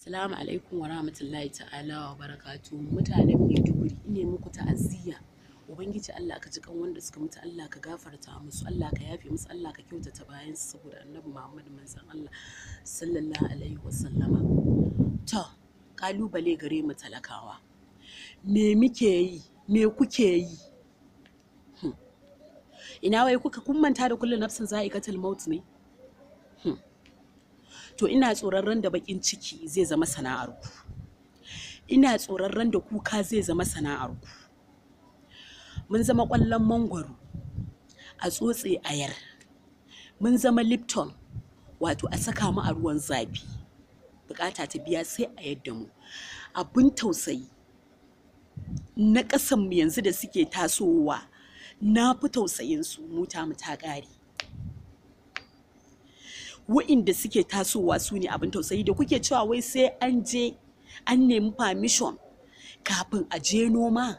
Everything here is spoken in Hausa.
Salamu alaikum wa rahmatullahi ta'ala wa barakatu mutanen Maiduguri ne muku ta'aziyya Ubangiji Allah ka ji kan wanda suka mutu Allah ka gafarta musu Allah ka yafe musu Allah ka kyautata bayan su saboda Annabi Muhammad manzon Allah sallallahu alaihi wa sallama to kalubale gare mu talakawa me muke yi me kuke yi hmm. ina wai kuka kun manta da kullu nafsin katal maut ne to ina tsoron ran da bakin ciki zai zama sana'ar ku ina tsoron ran da kuka zai zama sana'ar ku mun zama kwallon mangwaro a tsotse ayar mun zama lipton wato a saka mu a ruwan zafi bukata ta biya sai a yadda mu abin tausayi na mu yanzu da suke tasowa na fi tausayin su, ta mu ta ƙare wa'inda suke tasowa su ne abin tausayi da kuke cewa wai sai an je an nemi permission kafin a je noma